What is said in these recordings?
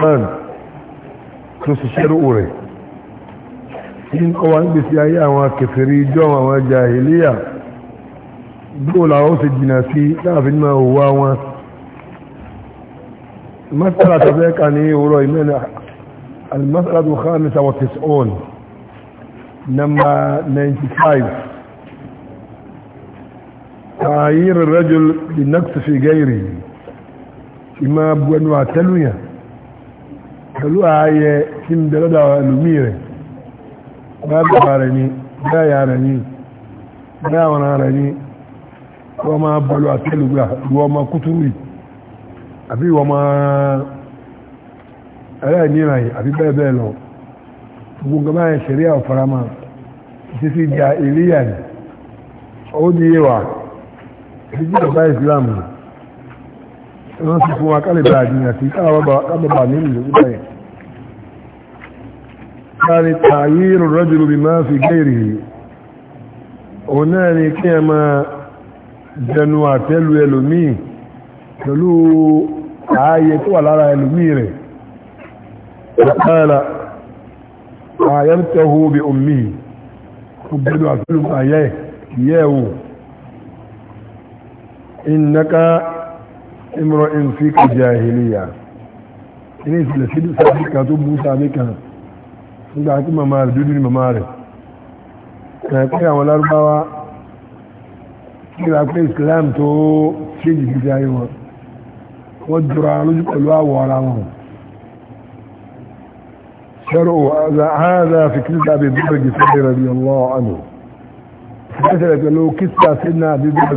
ban to se se ore in ko wan bi siya ya wa kafiri jo wa jahiliya dola o se dinasi da bin ma wa wa المسألة تبقى أن هي أولو إيمان المسألة الخامسة وتسعون نمى 95 تعيير الرجل بالنقص في غيره إما أبوان وعتلوية pẹ̀lú ààyẹ tí ń bẹ lọ́dọ̀ ẹlòmí rẹ̀ bá bàbá rẹ̀ ni bá yà rẹ̀ ni bá àwọn rẹ̀ ni wọ́n máa bọ́lú àti ẹlòmí wọ́n máa kútúrú yìí àbí wọ́n máa ẹlẹ́ẹ̀nira yìí àbí ó di yé wa títí ìsìlámù yìí wọ́n sì fún wa kálẹ̀ bá àdìyàn sí kábàbà nínú ìlú báyẹ̀ káàrí tààyírù rọ́jùlù bí máa fi gẹ́rì òun náà ni kí ẹ máa jẹnu àtẹ́lu ẹlòmíì pẹ̀lú ààyè tó wà lára ẹlòmíì rẹ̀ àkàrà àyẹ́mtẹ́hó bí omi gbogbo àtẹ́lu àyẹ́ ìyẹ́ ìnaka imro in fi ka jahiliya ilé ìsìlẹ̀ sílẹ̀ sáàbí kan tó bú sáàbí kan nígbà tí màmá rẹ̀ dúdú ní màmá rẹ̀ kàn pé àwọn lárúbáwá kíra pé islam tó ṣe jìbìtì ayé wọn wọ́n jọra lójú pẹ̀lú àwọ̀ ara wọn شرعوا هذا في كتاب أبي بكر الجساري رضي الله عنه. كتب له كتاب سيدنا أبي بكر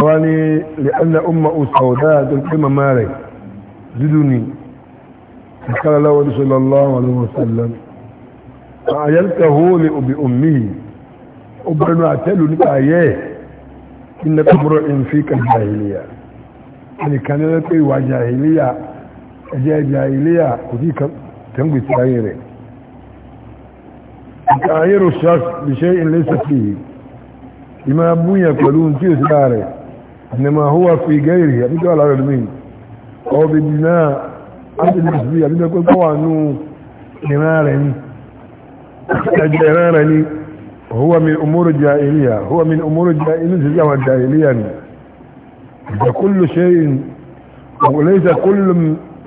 wani li'anna umma usauda da kalma mare ziduni kala lawan sallallahu alaihi wasallam a yalka hole bi ummihi ubrinu atelu ni kaye inna kamro in fi ka jahiliya ni kanela pe wa jahiliya je jahiliya ko di kan tangu tsayere kayiru shas bi shay'in laysa ima buya kulun ti usare إنما هو في غيره يعني أبدا على العلمين أو بدنا عبد النسبيه أبدا يعني يقول طبعا أنه جنارني جنارني هو من أمور الجاهلية هو من أمور الجاهلية والجاهلية كل شيء وليس كل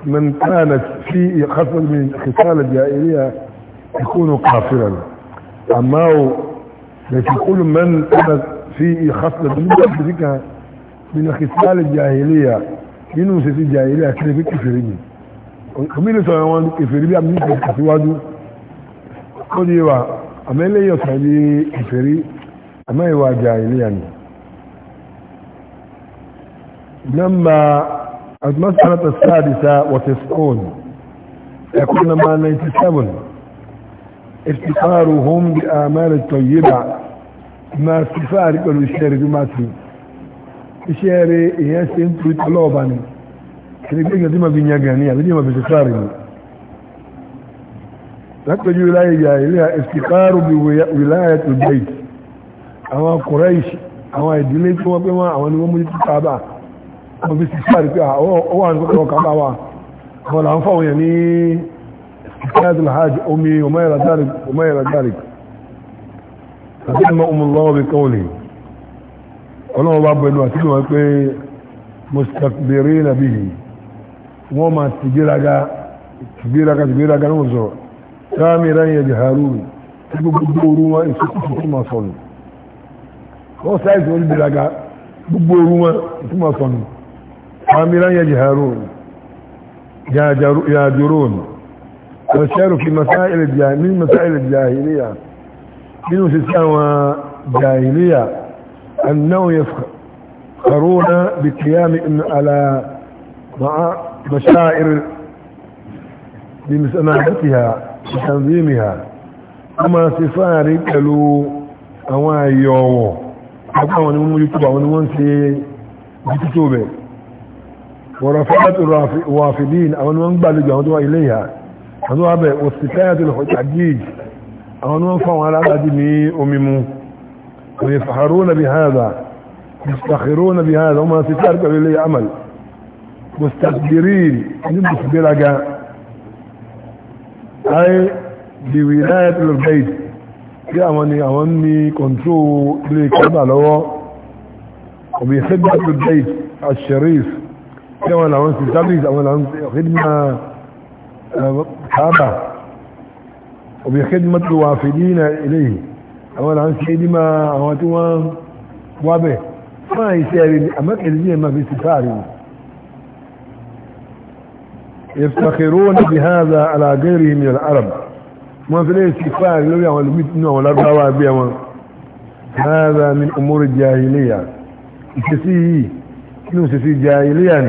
من كانت في خصل من خصال الجاهلية يكون كافرا أما ليس كل من كانت في خصل من ذلك من خصال الجاهلية nínú sisi jàìrí àti ẹgbẹ́ kìfèrè mi òmìnir sọ̀rọ̀ wọn kìfèrè bí i àmì ìsìwájú ó di wa àmẹ́lẹ́ yọ̀ sọ̀rọ̀ bí kìfèrè àmẹ́ ìwà jàìrí àmì nọ́mbà àtúmọ̀sánátà sáàdìsá wọ́tẹ̀sọ́ọ̀n ẹ̀kọ́ nọ́mbà 97 ìfìfàrù hom bí àmẹ́rẹ̀ tọ̀yẹ́bà máa fífàrí pẹ̀lú iṣẹ́ rẹ̀ bí máa tún iṣẹ́ rẹ̀ èyàn ṣe ń tu ọlọ́ọ̀bá ni kìí pé èyàn tí ma fi yan gan ni àbí tí ma fi ṣe sáré ni látọjú láyé ìyá ilé ìsìkáàrù bí wìláyà tó dé àwọn Quraysh àwọn ìdílé tí wọ́n pé wọ́n àwọn ni wọ́n mú títí kábà wọ́n fi ṣe sáré pé ó wà nípa kọ́ kábà àwọn làwọn fáwọn yẹn ní ìsìkáàrù hajj omi ọmọ ìrà dárì ọmọ ìrà dárì àti ọmọ ọmọ lọ́wọ́ bí kọ́wọ́lì ọlọ́wọ́ bá bẹnu àti ìwọ̀n pé mustakbirina bihi wọ́n máa tìgbéraga tìgbéraga tìgbéraga náà sọ̀rọ̀ samiran yajharun tí gbogbo orú wọn ìsókùsù tó máa sọ̀nù wọ́n sáyẹ̀sì wọn gbéraga gbogbo orú wọn tó máa sọ̀nù samiran yajharun yajurun والشعر في مسائل الجاهلية من مسائل الجاهلية من سيسان وجاهلية أنه يفخرون بقيام على مع مشاعر بمسانادتها وتنظيمها أما سفاري قالوا أوان يوو أبعوان من يتبع ونوان سي بتتوبة ورفعت الوافدين أو نوان بالجا ودوا إليها ودوا به واستفاية الحجاج أو نوان فوان على أدمي أممو ويفخرون بهذا يفتخرون بهذا وما في تتربع لي عمل مستكبرين نمس برقا أي بولاية البيت يا يا أمني كنتو لي كذا لو وبخدمة البيت الشريف يا ولا أمني تبريد أولا خدمة آه، كعبة وبخدمة الوافدين إليه àwọn là ń ṣe ní máa àwọn tí wọ́n wábẹ̀ máa iṣẹ́ rẹ̀ ni àmọ́kẹ̀lẹ́ ní ẹ̀mà fi ti fáàrí ni يفتخرون بهذا على غيرهم من العرب ما في ليس كفار لو يعمل بيتنا ولا دعوة بيهم هذا من أمور الجاهلية كسيه كنو سسي جاهليا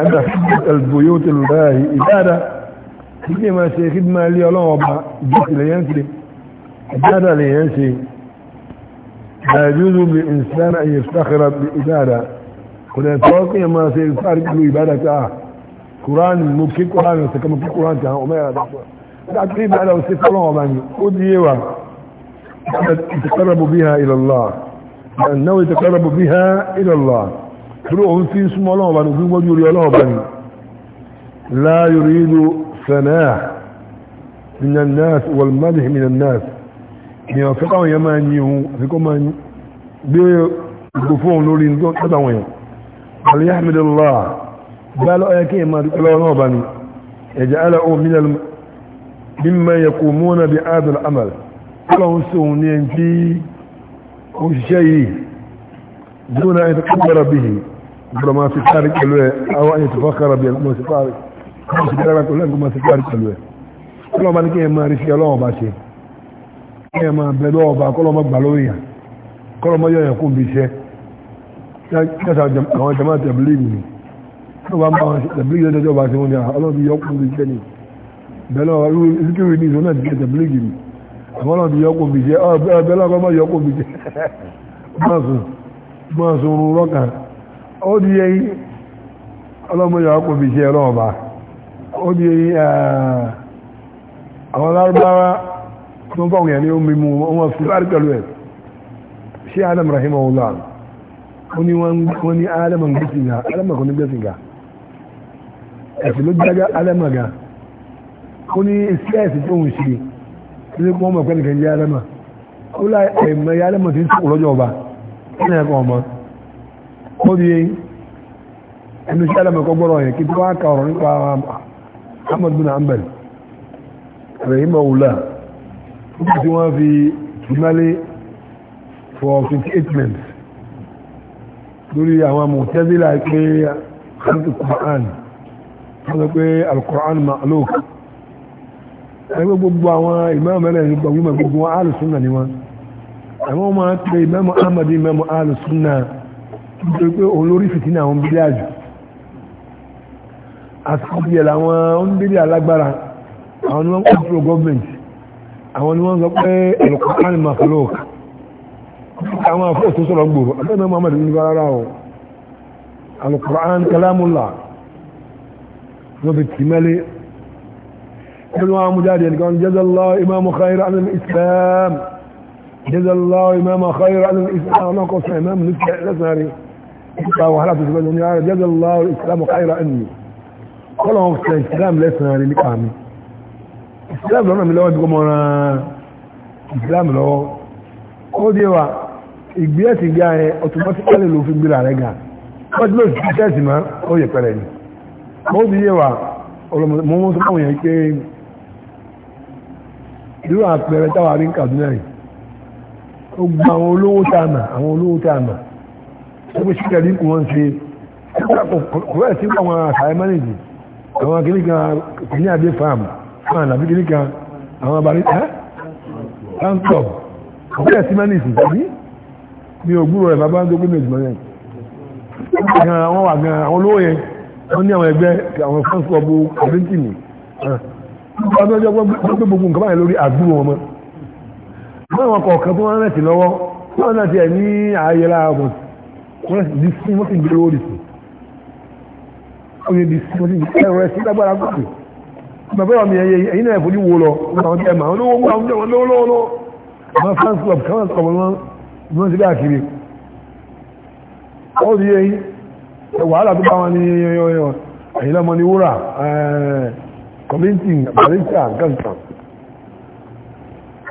عند خدمة البيوت الله إبادة كما سيخدم لي الله وبا جيت لينكلم إبادة ليسي لا يجوز للإنسان أن يفتخر بإبادة كنا يتوقع ما سيفتخر كله إبادة قرآن مبكي قرآن وسكما في قرآن كان أمير لا تقريب على وسيف الله وباني قد يتقرب بها إلى الله لأنه يتقرب بها إلى الله فلوهم في اسم الله وباني في وجه الله وباني لا يريد ثناء من الناس والمدح من الناس ni ọ̀fẹ́ káwọn èèyàn máa ń yin òun àfi kó máa gbé ìgò fóun lórí nígbà wọ̀nyàn àlẹ́ àmìdọ́lá bá lọ́ ọ̀yẹ́ kí èèyàn máa dúpẹ́ lọ́wọ́ náà bá ní ẹ̀jẹ̀ alẹ́ òun mílẹ̀ mímọ ẹ̀kọ́ mọ́nà bí adùn amal ọlọ́run sí òun ní ẹni tí ó ń ṣiṣẹ́ yìí dúró náà ẹ̀tọ́ kọ́kọ́rọ̀ bí gbọ́dọ̀ máa fi kárí pẹ̀lú ẹ̀ àwọn ẹ̀yẹ tó fọ́kọ́rọ̀ bí i ẹ̀kọ́ mọ̀ sí kárí pẹ̀lú ẹ̀ ọlọ́run bá ní kí èèyàn máa rí sí ọlọ́run bá ṣe ẹ máa bẹ lọ́wọ́ ọba kọ́lọ́mọ́ gbà lórí yàn kọ́lọ́mọ́ yọ̀yàn kún bí iṣẹ́ kẹta àwọn jama tẹ̀bílì mi tó bá ń bá wọn tẹ̀bílì yẹn tẹ́jọ́ bá ṣe wọn ni ah, ọlọ́run ti yọ kún bí iṣẹ́ ni bẹ́ẹ̀ náà irú ìsìkìrì ní ìṣó náà ti tẹ̀bílì yìí mi àwọn ọlọ́run ti yọ kún bí iṣẹ́ ah, bẹ́ẹ̀ náà kọ́lọ́mọ́ yọ kún bí iṣẹ́ máa sun oorun rọ́kà ó di ẹyin ọlọ́mọ yọ kún bí iṣẹ́ ọlọ́ọ̀ba ó di ẹyin eh, àwọn lárúbáwá tí wọ́n fáwọn èèyàn ní omi mu wọ́n fi láàrín pẹ̀lú ẹ̀ ṣé adam rahimahullah ó ní wọ́n ní adam gbèsìngà adam kò ní gbèsìngà ẹ̀sìn ló jágá adam ga ó ní iṣẹ́ ẹ̀sìn tó ń ṣe tí wọ́n mọ̀ pẹ́lú kẹ́ńjẹ́ adam ó lá ẹ̀mọ ya adam ti ń sọ̀rọ̀ lọ́jọ́ ọba ní ẹ̀kọ́ ọmọ ó di ẹnu sí adam kọ́ gbọ́rọ̀ yẹn kí tí wọ́n á ka ọ̀rọ̀ nípa Ahmad bin Hanbal nígbà tí wọ́n fi ìmálé for 28 months lórí àwọn mọ̀tẹ́bílà pé al-Qur'an wọ́n sọ pé al-Qur'an ma'luk ẹgbẹ́ gbogbo àwọn ìmáàmù ẹlẹ́yìn gbogbo wíma gbogbo wọn alùsùnà ni wọn àwọn ọmọ pé ìmáàmù Ahmad ìmáàmù alùsùnà nítorí pé olórí fìtínà àwọn bílẹ̀ àjò àti ìyẹ̀lẹ̀ àwọn oníbílẹ̀ alágbára àwọn ni wọ́n kọ́ àwọn ni wọ́n sọ pé al-Qur'an makhluq àwọn afọ́ tó sọ̀rọ̀ gbòòrò abẹ́nà Muhammad ní rárá o al-Qur'an kalamullah wọ́n fi tì mẹ́lẹ́ ẹni wọn mú jáde ẹnìkan jazallahu imamu khayra an al-islam jazallahu imamu khayra an al-islam ọlọ́kọ̀ sọ imamu lẹ́sàrí nípa wàhálà tó sọ̀rọ̀ ní ara jazallahu islamu nípa mi islam lọ́nà mi lọ́wọ́ bí kò mọ́ ran islam lọ́wọ́ ó dé wa ìgbé ẹ̀sìn gbé ayẹ automatically ló fi gbéra rẹ̀ ga wọ́n ti lọ sí tẹ́sì mọ́ ó yẹ pẹ̀lẹ́ ni ó bí yé wa mọ́ tó báwọn yẹn pé irú àpẹẹrẹ táwa rí ń Kaduna yìí ó gba àwọn olówó tá a mà àwọn olówó tá a ó pé sí kan àbí kìíní kan àwọn abalẹ̀ ẹ́ láńtọ̀ ọ̀bẹ́rẹ̀ sí mẹ́rin ìsìn tàbí ní ògbúrò rẹ̀ bàbá ń tó gbé méjì mọ́yẹn gan àwọn wà gan àwọn olówó yẹn wọ́n ní àwọn ẹgbẹ́ àwọn fans club argentina wọ́n bí ọjọ́ gbé lórí àdúrò wọn wọ́n kọ̀ọ̀kan tó wọ́n rẹ̀tì lọ́wọ́ wọ́n náà ẹ̀ ní ààyè lára bàbá ọmọ ẹ̀yẹ ẹ̀yìn náà fojú wo lọ àwọn tẹ́ẹ̀mà àwọn olówó wọn àwọn olówó lọ́wọ́ àwọn fans club káwọn sọ̀rọ̀ wọn wọ́n ti bá kiri ó di ẹ̀yìn wàhálà tó bá wọn ní ọyọ ẹ̀yìn lọ́mọ ní wúrà kọ́míntìn barista gàǹtàn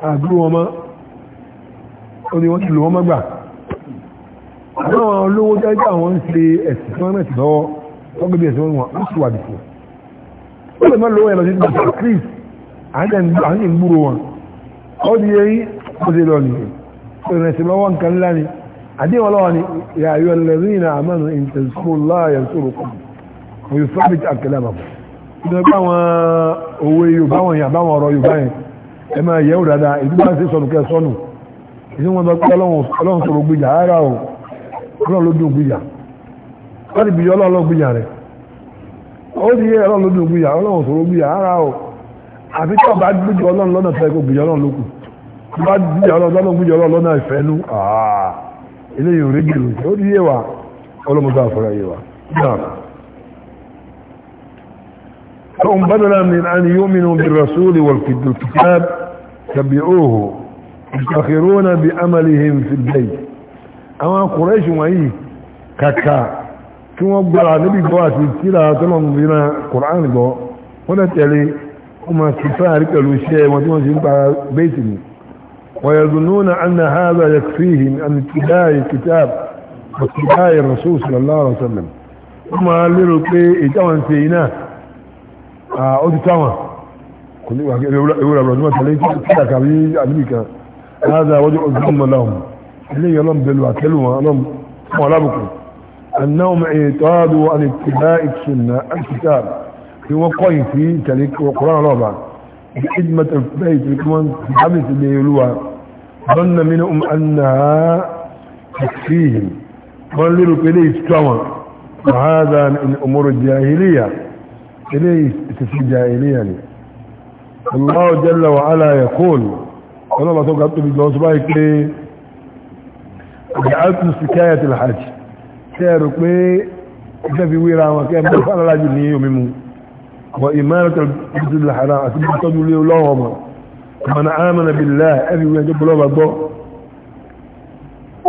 àdúró wọn mọ́ ó ní wọ́n ti lò wọ́n mọ́ gbà àwọn olówó jẹ́ àwọn ń ṣe ẹ̀sìn tí wọ́n mẹ́sì lọ́wọ́ tọ́gbẹ́bí ẹ̀sìn wọn wọ́n sì wà dìfò ó lè mọ́ lówó ẹ̀lọ sí ìgbà chris àyìn gbúrò wọn ó di yẹ́ ó sì lọ nìyẹn ìrìn ẹ̀sìn lọ́wọ́ nǹkan ńlá ni àdéhùn ọlọ́wọ́ ni ìyàyọ lẹ́rìn náà àmọ́nù ìtẹ̀sùkú láàyè sọ̀rọ̀ kù òyì sọ́bìtì àkẹlẹ́ ìdọ̀ bá wọn yorùbá wọn yàn báwọn ọ̀rọ̀ yorùbá yẹn ẹ máa yẹ̀wò dáadáa ìdí bá ń ṣe sọnù kẹ sọnù ìdí wọn bá pé ọlọ́run sọ̀rọ̀ gbìyà ara o ọlọ́run ló dùn gbìyà wọ́n ti bìyà ọlọ́run gbìyà rẹ̀ ó di yẹ ọlọ́run lójú gbìyà ọlọ́run sọ̀rọ̀ gbìyà ara o àfi tí ọba gbìyà ọlọ́run lọ́nà tó ẹkọ gbìyà ọlọ́run lókù ọba gbìyà ọlọ́run gbìyà ọlọ́run lọ́nà ìfẹ́nu ah, eléyìí ò rí gbèrò ó di yẹ wa ọlọ́run tó àfọ̀rọ̀ yẹ wa. فهم بدلا من أن يؤمنوا بالرسول na تبعوه يفتخرون بأملهم في البيت أما قريش وإيه kí wọ́n gbọ́ra níbi gbọ́ àti tíra tọ́lọ́mù bí na Qur'an gbọ́ wọ́n lè tẹ̀lé wọ́n máa ti fáàrí pẹ̀lú iṣẹ́ wọn tí wọ́n ti ń pa bẹ́ẹ̀tì ni wọ́n yẹ zunúnà anna haza ya fihim an tidaye kitab wa tidaye rasul sallallahu alaihi wasallam wọ́n máa lérò pé ìtàwọn ṣe iná ó ti táwọn kò ní wàá ewúrẹ́ lọ níwọ̀n tẹ̀lé tíra kàbí àbíbí kan haza wọ́n jẹ́ ọdún mọ́láhùn eléyìí ọlọ́m bẹ̀lú àtẹ́lù wọn ọlọ́m fún alábùkù أنهم اعتادوا عن اتباع السنة الكتاب في وقعي في تلك القرآن الرابع بخدمة البيت بكمان حمس بيلوها ظن منهم أنها تكفيهم ظلوا إليه استوى وهذا من أمور الجاهلية إليه تفي جاهلية الله جل وعلا يقول قال الله توقعت بالله سبحانه وجعلت سكاية الحج tẹ́rù pé ìfẹ́fi wíra wọn kẹ́ mọ́ fún alájú ní omi mu wọ ìmọ̀ràn tó lè hàrá àti bí tọ́jú lé lọ́wọ́ mọ̀ ọmọdé àmàna bí lẹ́ ẹ̀fì wíra tó bọ́lọ́ bá gbọ́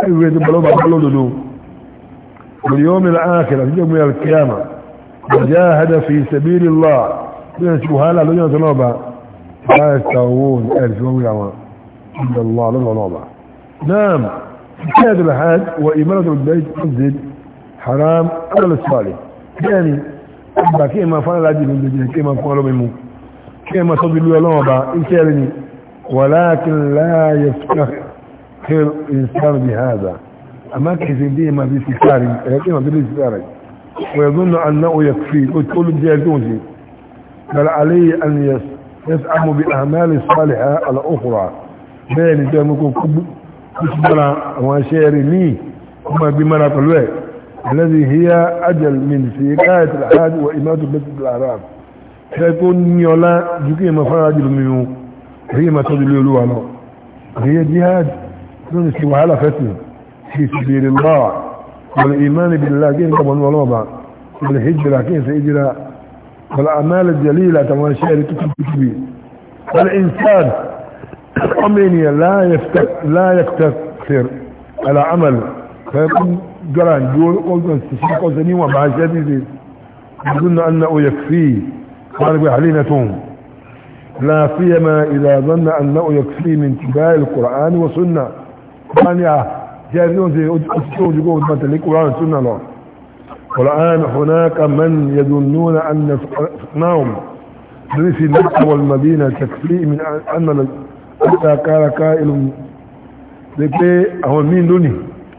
ẹ̀fì wíra tó bọ́lọ́ bá gbọ́ lódodo lórí yóò mi láàá kẹrẹ àti jẹ́gbé alkiyama ọjà hada fi sabili Allah bí wọ́n ti wàhálà lójú ọ̀tọ́ náà bá láì sàwọ́n ẹ̀fì wíra wọn ìdàlọ́ lọ́wọ́ náà bá náà كاد الحاج وإمارة البيت مسجد haram ọ̀rọ̀lẹ̀ sọ́ọ̀lẹ̀ bẹ́ẹ̀ ni ọgbà kí ẹ máa fọ́nà láti ìlú ìjìnlẹ̀ kí ẹ máa fún ọlọ́mọ imú kí ẹ máa sọ́bí ilú ọlọ́wọ́ bá iṣẹ́ rẹ̀ ni walakin la yaftahir insan bi hadha àmá kì í ṣe bí ẹ máa bí sí sáàrì ẹ̀yẹ́ kí ẹ máa bí sí sáàrì wa ẹgbẹ́ mara pẹ̀lú ẹ̀ الذي هي أجل من في غاية الحاج وإمادة مسجد الأعراب سيكون نيولا جوكي مفرج الميو هي ما تدلل له هي جهاد دون على فتن في سبيل الله والإيمان بالله كين كمان والوضع والهجرة كين سيجرى والأعمال الجليلة تماشير تكتبي والإنسان أمين لا يفتك لا يكتفر على عمل فيكون جران دول قلت استشيك وزني ومع جديد يظن أنه يكفي قال بأهلين توم لا سيما إذا ظن أنه يكفي من تباع القرآن والسنة قال يا جاهزون زي أسطوه جيكوه ما تلك القرآن والسنة لا والآن هناك من يظنون أن نوم في مكة والمدينة تكفي من أن حتى كان قائل لكي هو مين دوني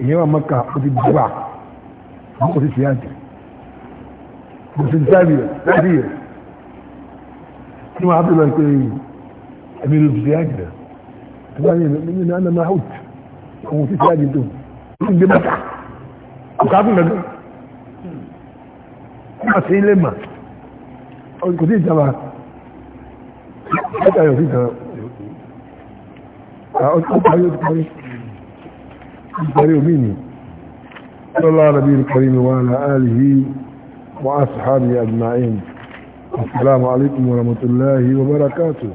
èyí wà mọ́kà ó ti gbà ó ti ṣe àjẹ́ kò sí sáàbì rẹ̀ láti rẹ̀ tí wọ́n á bí lọ pé ẹ̀mí ló ti ṣe àjẹ́ rẹ̀ tó bá yẹ ní ní àná máa hùt òun ti ṣe tó ó gbé mọ́kà kò ká fún gẹ́gẹ́ wọ́n ti ilé mà kò sí ìjọba ó ayọ̀ sí ìjọba ó ayọ̀ sí ìjọba الطريق مني صلى الله نبي الكريم وعلى آله وأصحابه أجمعين السلام عليكم ورحمة الله وبركاته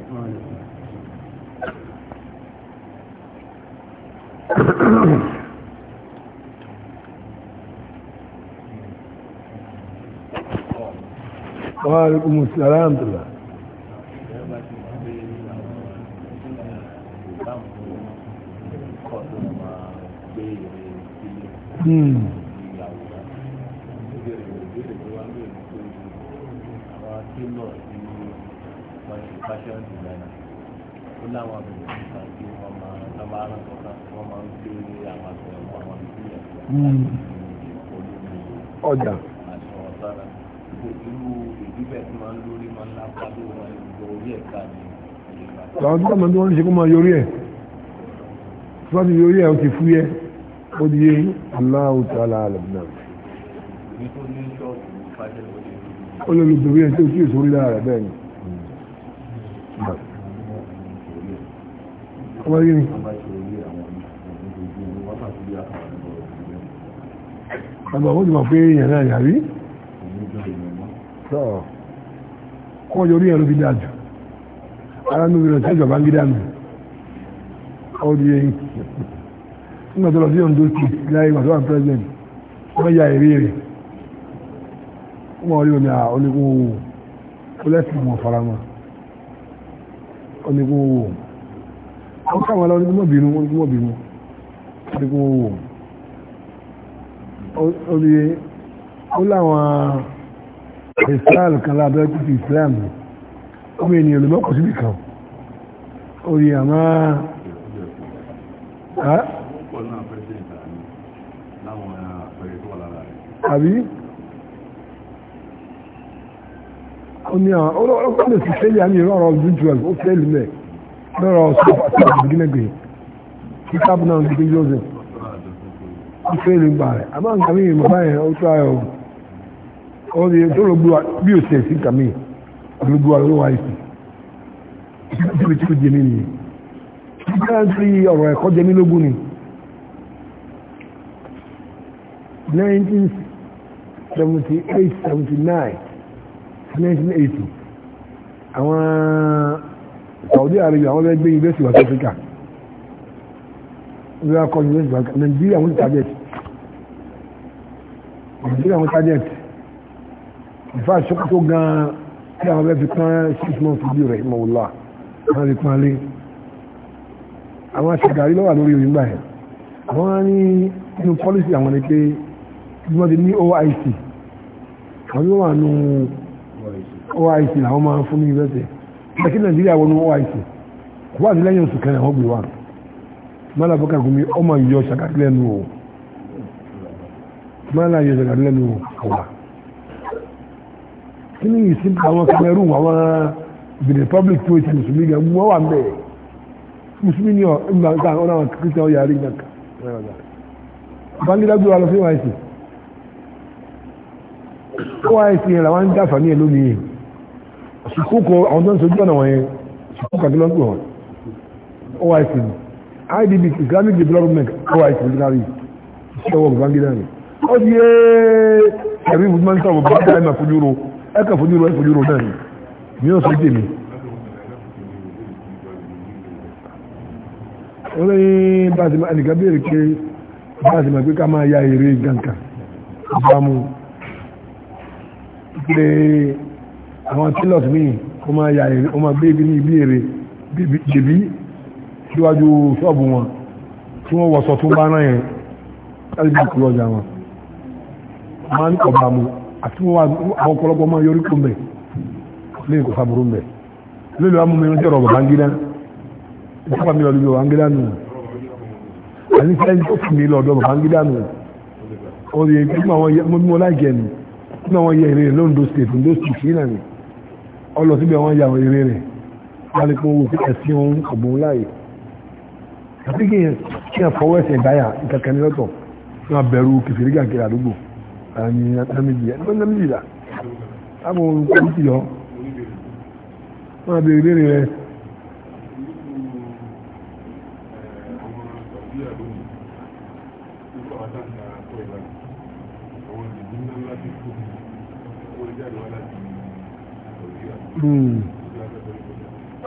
وعليكم السلام ورحمة الله ó láwọn àwọn àgbẹ̀ ọ̀pọ̀ máa ń lórí wọ́n ń ṣe kó máa yọrí ẹ̀ tí wọ́n ti yọrí ẹ̀ ó ti fúyẹ́ ó di yé aláwọ̀ tó aláàlẹ̀ náà ó lè lùdò bí ẹjọ́ tí èso rí lára bẹ́ẹ̀ ni ọmọ yìí ni àgbà wọ́n ti mọ̀ pé èèyàn náà yàrí kọ́ ọjọ́ orí ẹ̀rọ fi dájú ara nínú rẹ̀ sẹ́jọba ń gídà nù ó di yé yìí nígbà tó lọ sí Ondo street láyé ìgbà tó wà ní president wọ́n ya èrè rẹ̀ wọ́n rí omi onígun owó kólẹ́sì mọ̀ faramọ́ onígun owó wọ́n káwọn lọ onígun mọ̀bínú onígun mọ̀bínú onígun owó orí ó láwọn israel kan lábẹ́ títí islam ọmọ ènìyàn lọ́kọ̀ síbì kan orí àmọ́ àbí ó ní àwọn ọlọ́pàá sì fẹ́lẹ̀ àmì ìrọ̀rọ̀ ọdún jù ẹ̀kọ́ fẹ́lẹ̀ mẹ́ lọ́rọ̀ sọ́pàá sí àgbègbè kíkàbù náà gbé jọ́sẹ̀ ó fẹ́lẹ̀ gbà rẹ̀ àmọ́ nǹkan mi ìmọ̀ báyẹn ó tó ayọ̀ ó ní tó ló gbúwa bí ó sẹ̀ sí nǹkan mi ló gbúwa ló wáyé sí ibi tí ó jẹ mí nìyẹn kíkà ń fi ọ̀rọ̀ ẹ̀kọ́ jẹ mí lógún ni 19 78 79 1980 àwọn Saudi Arabia àwọn ẹgbẹ́ university of Africa wíwá kọ́ university of Africa Nigeria wọ́n target Nigeria wọ́n target ìfà ṣọ́kọ́ tó gan tí àwọn ẹgbẹ́ fi six months ago, rẹ̀ mọ̀wùlá wọ́n rí kan lé àwọn aṣèkárí lọ́wà lórí orí gbà yẹn àwọn ní inú policy àwọn ni pé wọ́n ti ní OIC àwọn wà nù oic làwọn máa ń fún ní ìrẹsẹ̀ ẹ̀kí nàìjíríà wọnú oic kò wà ní lẹ́yìn oṣù kẹrin àwọn wa mọ́lá fọ́kà gómi ọmọ ìyọ nù nù kí ni ìsìn àwọn Cameroon àwọn the republic tó ti mùsùlùmí gan wọ́n wà mẹ́ẹ̀ mùsùlùmí ni ọ̀ ń gbà ń gbà wọ́n àìsí yẹn làwọn ń dáfà ní ìlú mi sùkúkọ àwọn tó ń sojú ọ̀nà wọ̀nyẹn sùkúkọ àti lọ́gbọ̀n wọn OIC IDB Islamic Development OIC ordinary iṣẹ́ wọ́n Babangida ni ó ti yé ẹ̀rí ìwúdúmọ́ ní sọ̀rọ̀ bàbá ẹ̀mà fojúro ẹ̀kà fojúro ẹ̀ fojúro náà ni mi ò sọ jèmi. ó lè bá a ti máa ẹnìkan béèrè pé bá a ti máa pé ká máa ya eré gàǹkà ìbámu pé àwọn tílọ̀t míì ó máa yà èrè ó máa gbé ibi ní ibi èrè jèbí síwájú ṣọ́ọ̀bù wọn tí wọ́n wọ̀sọ̀ tó bá náà yẹn láti bí kúrò ọjà wọn máa ń kọ̀bà mu àti wọ́n wà àwọn ọ̀pọ̀lọpọ̀ máa yọrí kó mbẹ̀ lẹ́yìn kò sábúrú mbẹ̀ lórí àwọn ọmọ ìrìnàjò ọ̀rọ̀ bàbáńgídá ìjọba mi lọ́dọ̀ bàbáńgídá nù àní sẹ́yìn tó fi mi lọ́dọ̀ bàbáńgídá nù ó rí ẹgbẹ́ mọ́ láìkẹ́ nù tí wọ́n yẹ èrè rẹ̀ lóńdó state lóńdó state yìí nàní ọlọ síbi àwọn yà èrè rẹ̀ wálé pé owó ẹ̀sìn ohun ọ̀gbọ̀n láàyè àti kí yẹn fọwọ́ ẹ̀sẹ̀ ìdáyà ìkẹkẹ ní lọ́tọ̀ tí wọ́n bẹ̀rù kìfìrí gàkiri àdúgbò àmì nàmìjì ẹ̀dọ́ nàmìjì là táwọn olùkọ́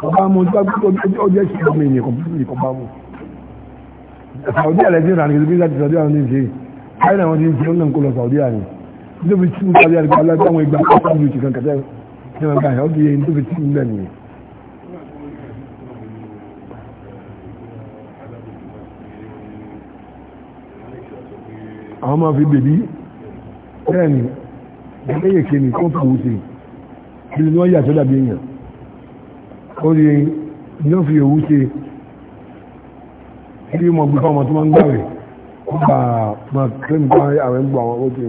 ọba hmm. mu ọjọ́ ìṣẹ́ ọmọ ènìyàn kọ̀m̀pútì kọba mu Saudi alẹ́sìn ìrànlẹ́ ìdíbí láti Saudi àwọn oníṣe káyìn àwọn ti ń ṣe ọ̀nà ńkọlọ Saudi àní nítorí tí mo Saudi àríkà alágbá àwọn ìgbà ọ̀sán ìlú ìṣìkan kẹtẹ ní wọn báyìí ọdún yẹn nítorí tí mo bẹ̀ nìyẹn. àwọn máa fi bèbí bẹ́ẹ̀ ni ẹlẹ́yẹ̀kẹ́ ni kọ́ńtà wù sí i ìlú ni wọ́n yà tó dàbí èèyàn ó rí ní ó fi òwú ṣe ilé mọ̀ gbé fáwọn tó máa ń gbàwẹ̀ ó bá máa kẹ́mi pa àwẹ̀ ń gbọ́ àwọn ó ti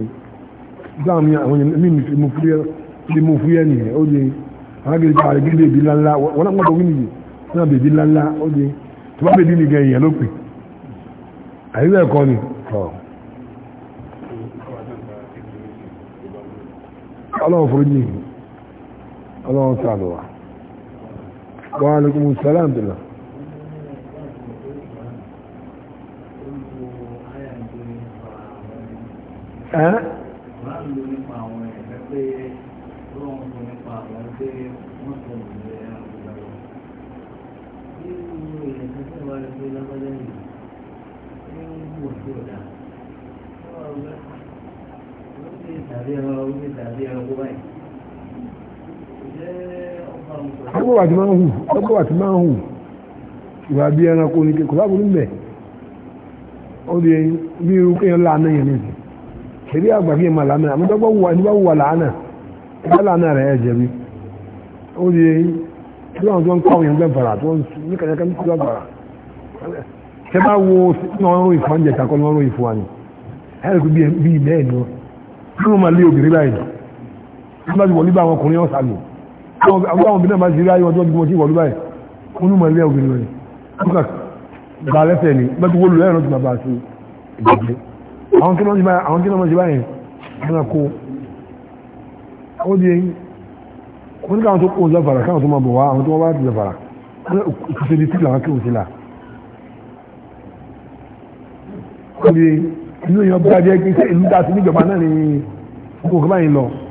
dáhùn ní àwọn èèyàn mí mo fúyẹ́ ilé mo fúyẹ́ nìyẹn ó rí àwọn akéde pa àrègbè bèbí ńláńlá wọn náà gbọ́dọ̀ wí nìyí wọn náà bèbí ńláńlá ó rí tó bá bèbí nìkan èèyàn ló pè àyíwẹ̀ ẹ̀kọ́ ni ọlọ́run forí nìyí ọlọ́run sàlọ̀ wà wọ́n alẹ́kùn sàlám dìlà ẹ́ Tàbí ẹ̀rọ orí tàbí ẹ̀rọ kó báyìí ọgbọ́n àti máa ń hù ọgbọ́n àti máa ń hù ìwà bí ẹranko ní kò láàbò níbẹ̀ ó di bí irú kéèyàn láàánú yẹn nìyí kèrè àgbà kéèyàn máa láàánú àmọ́ tọ́gbọ́n wà níbà wà láàánà ìbá láàánà rẹ̀ ẹ̀ jẹ̀bi ó di bí wọn tó ń kọ́ yẹn gbẹ̀fàrà tó ń ní kàkàkà ní kúrò àgbàrà tẹ́ bá wo náà ń ròyìn fún àjẹsà kọ́ ní wọ́n ròyìn fún wa ni ẹ̀rọ kò bí bẹ́ẹ̀ ni wọ́n máa lé obìnrin báyìí nígbà tí àwọn obìnrin máa zira ayé ọjọ́ bí wọ́n ti wọ̀lú báyìí wọ́n ní mọ̀lẹ́ obìnrin rẹ̀ lókà gbà lẹ́sẹ̀ ni bẹ́ẹ̀ tí wọ́n lù lẹ́rọ ti bàbá sí ìgbàgbé àwọn kí lọ́mọ sí báyìí wọ́n kó ó di eyín wọ́n ní káwọn kí òsì là ó di eyín kí ìlú dá sí níjọba náà ni kókó báyìí lọ